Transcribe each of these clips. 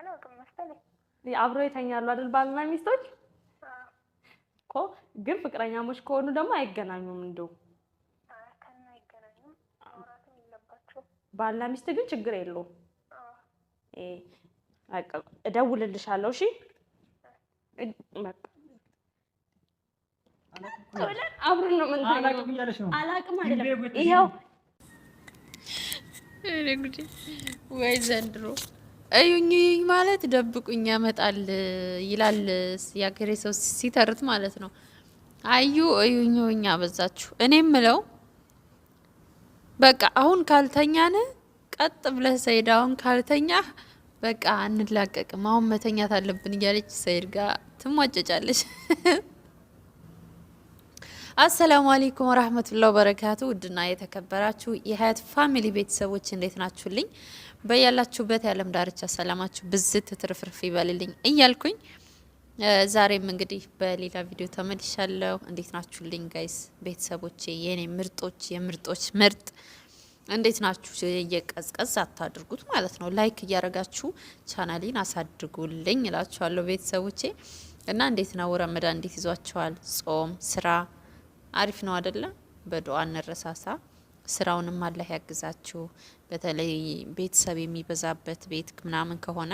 አላውቅም መሰለኝ አብረው ይተኛሉ አይደል? ባልና ሚስቶች እኮ ግን ፍቅረኛሞች ከሆኑ ደግሞ አይገናኙም። እንደው ባልና ሚስት ግን ችግር የለውም። እደውልልሻለሁ። እሺ አብረን ነው የምንተኛው። አላውቅም አይደለም ይኸው ወይ ዘንድሮ እዩኝ እዩኝ ማለት ደብቁኝ ያመጣል ይላል የአገሬ ሰው ሲተርት ማለት ነው። አዩ እዩኝ እዩኝ አበዛችሁ። እኔ ምለው በቃ አሁን ካልተኛን ቀጥ ብለህ ሰይድ አሁን ካልተኛ በቃ አንላቀቅም፣ አሁን መተኛት አለብን እያለች ሰይድ ጋር ትሟጨጫለች። አሰላሙ አሌይኩም ወራህመቱላ ወበረካቱ። ውድና የተከበራችሁ የሀያት ፋሚሊ ቤተሰቦች እንዴት ናችሁልኝ? በያላችሁበት የዓለም ዳርቻ ሰላማችሁ ብዝት ትርፍርፍ ይበልልኝ እያልኩኝ ዛሬም እንግዲህ በሌላ ቪዲዮ ተመልሻለሁ። እንዴት ናችሁልኝ ጋይስ ቤተሰቦቼ፣ የኔ ምርጦች፣ የምርጦች ምርጥ እንዴት ናችሁ? እየቀዝቀዝ አታድርጉት ማለት ነው። ላይክ እያደረጋችሁ ቻናሊን አሳድጉልኝ እላችኋለሁ ቤተሰቦቼ እና እንዴት ነው ረመዳን እንዴት ይዟችኋል? ጾም ስራ አሪፍ ነው አደለ? በዱዋ እንረሳሳ። ስራውንም አላህ ያግዛችሁ። በተለይ ቤተሰብ የሚበዛበት ቤት ምናምን ከሆነ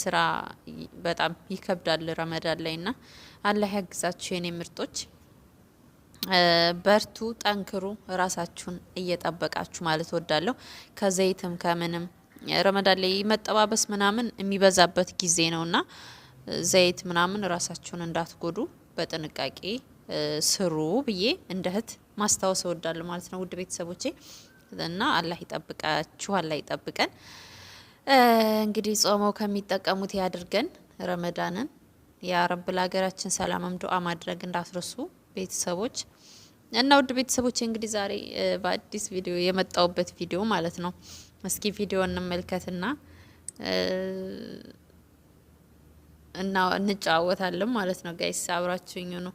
ስራ በጣም ይከብዳል ረመዳን ላይ ና አላህ ያግዛችሁ የኔ ምርጦች። በርቱ፣ ጠንክሩ፣ ራሳችሁን እየጠበቃችሁ ማለት ወዳለሁ። ከዘይትም ከምንም ረመዳን ላይ መጠባበስ ምናምን የሚበዛበት ጊዜ ና ዘይት ምናምን ራሳችሁን እንዳትጎዱ በጥንቃቄ ስሩ ብዬ እንደ እህት ማስታወስ እወዳለሁ ማለት ነው። ውድ ቤተሰቦቼ እና አላህ ይጠብቃችሁ፣ አላህ ይጠብቀን። እንግዲህ ጾመው ከሚጠቀሙት ያድርገን ረመዳንን። ያ ረብ ለሀገራችን ሰላምም ዱአ ማድረግ እንዳትረሱ ቤተሰቦች እና ውድ ቤተሰቦች እንግዲህ ዛሬ በአዲስ ቪዲዮ የመጣውበት ቪዲዮ ማለት ነው። እስኪ ቪዲዮ እንመልከትና እና እንጫወታለን ማለት ነው። ጋይስ አብራችሁኝ ነው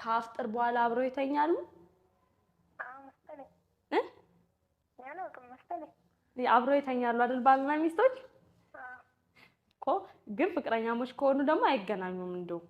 ከአፍጥር በኋላ አብረው ይተኛሉ? አብረው ይተኛሉ አይደል? ባልና ሚስቶች እኮ ግን ፍቅረኛሞች ከሆኑ ደግሞ አይገናኙም። እንደው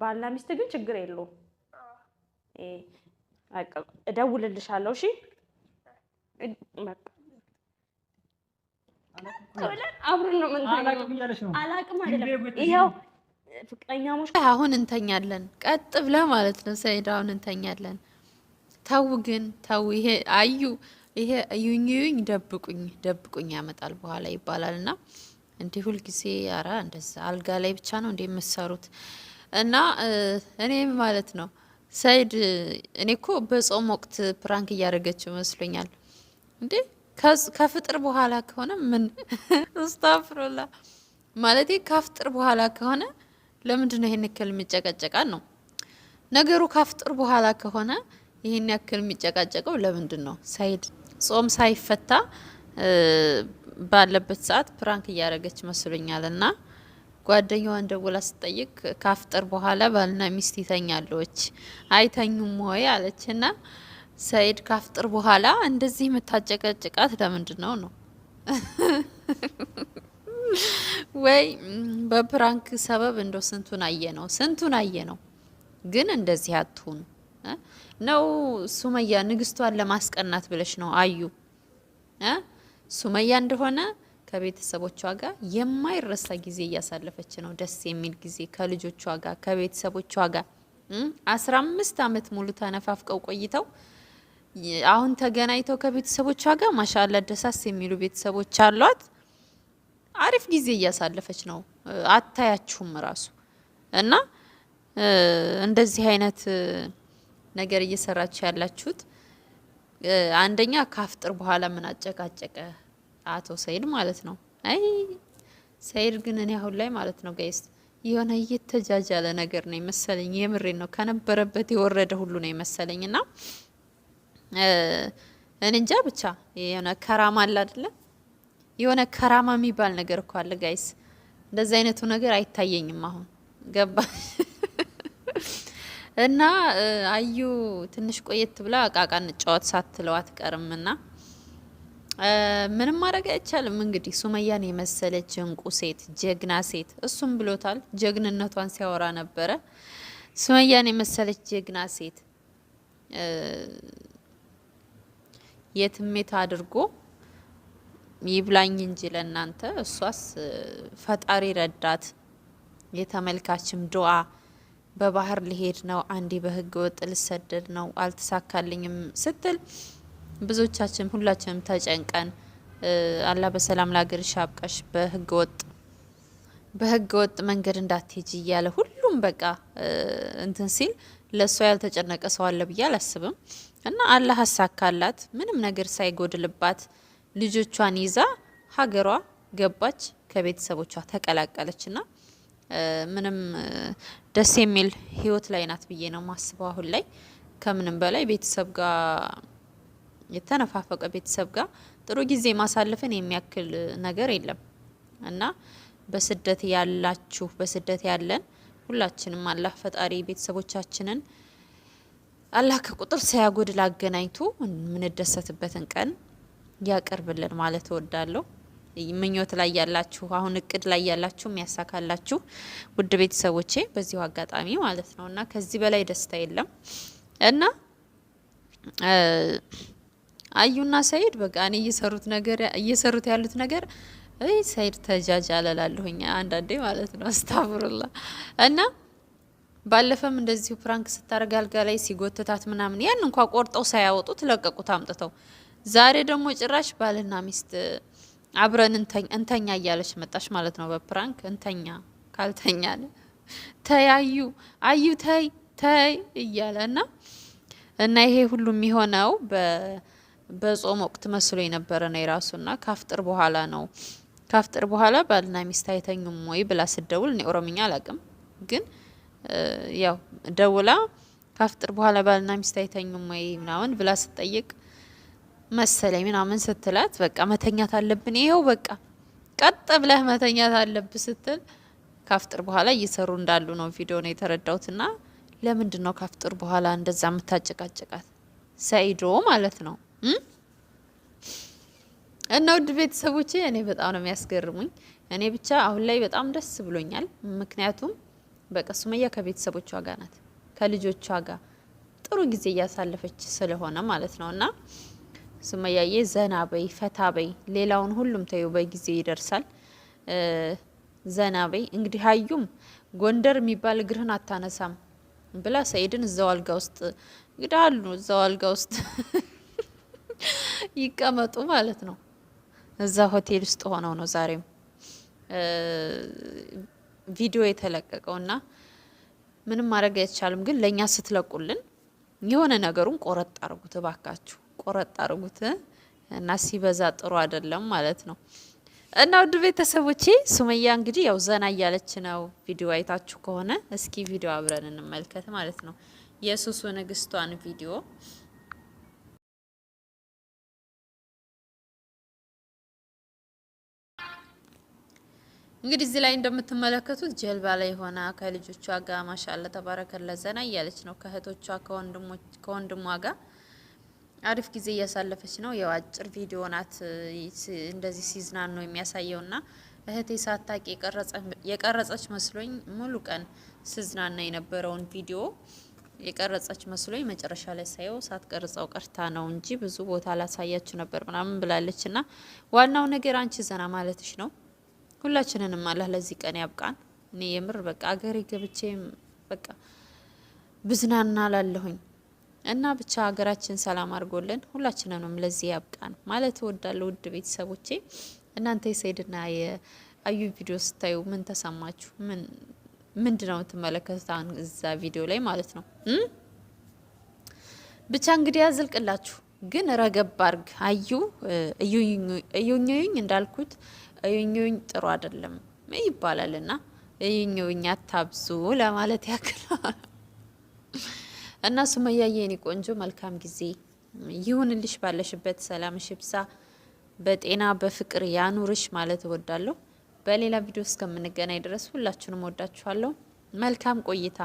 ባልና ሚስት ግን ችግር የለውም። እደውልልሻለሁ። እሺ አብረን ነው ምን አላቅም ይኸው ፍቅረኛሞች አሁን እንተኛለን፣ ቀጥ ብለ ማለት ነው ሰይድ፣ አሁን እንተኛለን። ተው ግን ተው፣ ይሄ አዩ ይሄ እዩኝ እዩኝ ደብቁኝ ደብቁኝ ያመጣል በኋላ ይባላል። ና እንዲህ ሁልጊዜ ያራ እንደዛ አልጋ ላይ ብቻ ነው እንደ የምሰሩት እና እኔ ማለት ነው ሰይድ፣ እኔ እኮ በጾም ወቅት ፕራንክ እያደረገችው ይመስሎኛል? እንዴ ከፍጥር በኋላ ከሆነ ምን ስታፍሮላ ማለት ከፍጥር በኋላ ከሆነ ለምንድን ነው ይሄን ያክል የሚጨቀጨቃል ነው ነገሩ። ካፍጥር በኋላ ከሆነ ይሄን ያክል የሚጨቃጨቀው ለምንድን ነው? ሳይድ ጾም ሳይፈታ ባለበት ሰዓት ፕራንክ እያደረገች መስሎኛል። እና ጓደኛዋን ደውላ ስጠይቅ ካፍጥር በኋላ ባልና ሚስት ይተኛለች አይተኙም ወይ አለች። ና ሰይድ ካፍጥር በኋላ እንደዚህ የምታጨቀጭቃት ለምንድን ነው ነው ወይ በፕራንክ ሰበብ እንደ ስንቱን አየ ነው ስንቱን አየ ነው። ግን እንደዚህ አትሁን ነው ሱመያ ንግስቷን ለማስቀናት ብለሽ ነው አዩ ሱመያ እንደሆነ ከቤተሰቦቿ ጋር የማይረሳ ጊዜ እያሳለፈች ነው። ደስ የሚል ጊዜ ከልጆቿ ጋር ከቤተሰቦቿ ጋር አስራ አምስት አመት ሙሉ ተነፋፍቀው ቆይተው አሁን ተገናኝተው ከቤተሰቦቿ ጋር ማሻላ ደሳስ የሚሉ ቤተሰቦች አሏት። አሪፍ ጊዜ እያሳለፈች ነው። አታያችሁም ራሱ እና እንደዚህ አይነት ነገር እየሰራችሁ ያላችሁት አንደኛ ካፍጥር በኋላ ምን አጨቃጨቀ አቶ ሰይድ ማለት ነው። አይ ሰይድ ግን እኔ አሁን ላይ ማለት ነው ጋይስ የሆነ እየተጃጃለ ነገር ነው የመሰለኝ። የምሬን ነው ከነበረበት የወረደ ሁሉ ነው የመሰለኝ። እና እንጃ ብቻ የሆነ ከራማ አለ አይደለም የሆነ ከራማ የሚባል ነገር እኮ አለ ጋይስ። እንደዚህ አይነቱ ነገር አይታየኝም አሁን ገባ እና አዩ ትንሽ ቆየት ብላ እቃቃ እንጫወት ሳትለው አትቀርም። ና ምንም ማድረግ አይቻልም እንግዲህ ሱመያን የመሰለች እንቁ ሴት፣ ጀግና ሴት እሱም ብሎታል። ጀግንነቷን ሲያወራ ነበረ። ሱመያን የመሰለች ጀግና ሴት የትሜት አድርጎ ይብላኝ እንጂ ለእናንተ። እሷስ ፈጣሪ ረዳት፣ የተመልካችም ዱዓ በባህር ሊሄድ ነው፣ አንዴ በህገ ወጥ ልሰደድ ነው፣ አልተሳካልኝም ስትል ብዙዎቻችን ሁላችንም ተጨንቀን አላህ በሰላም ለሀገርሽ አብቃሽ በህገ ወጥ በህገ ወጥ መንገድ እንዳትሄጅ እያለ ሁሉም በቃ እንትን ሲል ለእሷ ያልተጨነቀ ሰው አለ ብዬ አላስብም። እና አላህ አሳካላት ምንም ነገር ሳይጎድልባት ልጆቿን ይዛ ሀገሯ ገባች፣ ከቤተሰቦቿ ተቀላቀለች ና ምንም ደስ የሚል ህይወት ላይ ናት ብዬ ነው ማስበው። አሁን ላይ ከምንም በላይ ቤተሰብ ጋር የተነፋፈቀ ቤተሰብ ጋር ጥሩ ጊዜ ማሳለፍን የሚያክል ነገር የለም እና በስደት ያላችሁ በስደት ያለን ሁላችንም አላህ ፈጣሪ ቤተሰቦቻችንን አላህ ከቁጥር ሳያጎድል አገናኝቶ የምንደሰትበትን ቀን ያቀርብልን ማለት እወዳለሁ። ምኞት ላይ ያላችሁ አሁን እቅድ ላይ ያላችሁ የሚያሳካላችሁ ውድ ቤተሰቦቼ በዚሁ አጋጣሚ ማለት ነው እና ከዚህ በላይ ደስታ የለም እና አዩና ሰይድ በቃ እኔ እየሰሩት ነገር እየሰሩት ያሉት ነገር ይ ሰይድ ተጃጃለላለሁኛ አንዳንዴ ማለት ነው አስታብሩላ እና ባለፈም እንደዚሁ ፕራንክ ስታደርግ አልጋ ላይ ሲጎትታት ምናምን ያን እንኳ ቆርጠው ሳያወጡት ለቀቁት አምጥተው ዛሬ ደግሞ ጭራሽ ባልና ሚስት አብረን እንተኛ እያለች መጣች ማለት ነው። በፕራንክ እንተኛ ካልተኛ ተይ አዩ አዩ ተይ ተይ እያለ እና እና ይሄ ሁሉ የሚሆነው በጾም ወቅት መስሎ የነበረ ነው የራሱና ካፍጥር በኋላ ነው። ካፍጥር በኋላ ባልና ሚስት አይተኙም ወይ ብላ ስደውል እኔ ኦሮምኛ አላቅም፣ ግን ያው ደውላ ካፍጥር በኋላ ባልና ሚስት አይተኙም ወይ ምናምን ብላ ስጠይቅ መሰለኝ ምናምን ስትላት በቃ መተኛት አለብን ይኸው በቃ ቀጥ ብለህ መተኛት አለብህ ስትል ካፍጥር በኋላ እየሰሩ እንዳሉ ነው ቪዲዮ ነው ና ለምንድን ነው ካፍጥር በኋላ እንደዛ የምታጨቃጨቃት ሰኢዶ ማለት ነው እና ውድ ቤተሰቦቼ እኔ በጣም ነው የሚያስገርሙኝ እኔ ብቻ አሁን ላይ በጣም ደስ ብሎኛል ምክንያቱም በቃ ሱመያ ከቤተሰቦቿ ጋር ናት ከልጆቿ ጋር ጥሩ ጊዜ እያሳለፈች ስለሆነ ማለት ነው እና ስመያዬ ዘና በይ ፈታ በይ፣ ሌላውን ሁሉም ተዩ፣ በጊዜ ይደርሳል። ዘና በይ እንግዲህ። ሀዩም ጎንደር የሚባል እግርህን አታነሳም ብላ ሰኢድን እዛው አልጋ ውስጥ እንግዲህ አሉ እዛው አልጋ ውስጥ ይቀመጡ ማለት ነው። እዛ ሆቴል ውስጥ ሆነው ነው ዛሬም ቪዲዮ የተለቀቀው እና ምንም ማድረግ አይቻልም። ግን ለእኛ ስትለቁልን የሆነ ነገሩን ቆረጥ አድርጉት እባካችሁ። ቆረጥ አርጉት እና ሲበዛ ጥሩ አይደለም ማለት ነው። እና ውድ ቤተሰቦቼ ሱመያ እንግዲህ ያው ዘና እያለች ነው። ቪዲዮ አይታችሁ ከሆነ እስኪ ቪዲዮ አብረን እንመልከት ማለት ነው። የሱሱ ንግስቷን ቪዲዮ እንግዲህ እዚህ ላይ እንደምትመለከቱት ጀልባ ላይ ሆና ከልጆቿ ጋር ማሻአላ ተባረከ ዘና እያለች ነው ከእህቶቿ ከወንድሟ ጋር አሪፍ ጊዜ እያሳለፈች ነው። ያው አጭር ቪዲዮ ናት እንደዚህ ሲዝናን ነው የሚያሳየው ና እህቴ ሳታቂ የቀረጸች መስሎኝ ሙሉ ቀን ስዝናና የነበረውን ቪዲዮ የቀረጸች መስሎኝ መጨረሻ ላይ ሳየው ሳትቀርጸው ቀርታ ነው እንጂ ብዙ ቦታ ላሳያችሁ ነበር ምናምን ብላለች። ና ዋናው ነገር አንቺ ዘና ማለትሽ ነው። ሁላችንንም አላህ ለዚህ ቀን ያብቃን። እኔ የምር በቃ አገሬ ገብቼ በቃ ብዝናና ላለሁኝ እና ብቻ ሀገራችን ሰላም አድርጎልን ሁላችንንም ለዚህ ያብቃን ማለት እወዳለሁ። ውድ ቤተሰቦቼ እናንተ የሰይድና የአዩ ቪዲዮ ስታዩ ምን ተሰማችሁ? ምን ምንድነው የምትመለከቱት እዛ ቪዲዮ ላይ ማለት ነው? ብቻ እንግዲህ ያዝልቅላችሁ። ግን ረገብ አርግ አዩ እዩኝዩኝ እንዳልኩት እዩኝዩኝ ጥሩ አይደለም ይባላልና እዩኝዩኝ አታብዙ ለማለት ያክል እና ሱመያ የኔ ቆንጆ መልካም ጊዜ ይሁንልሽ፣ ባለሽበት ሰላም ሽብሳ በጤና በፍቅር ያኑርሽ ማለት እወዳለሁ። በሌላ ቪዲዮ እስከምንገናኝ ድረስ ሁላችሁንም ወዳችኋለሁ። መልካም ቆይታ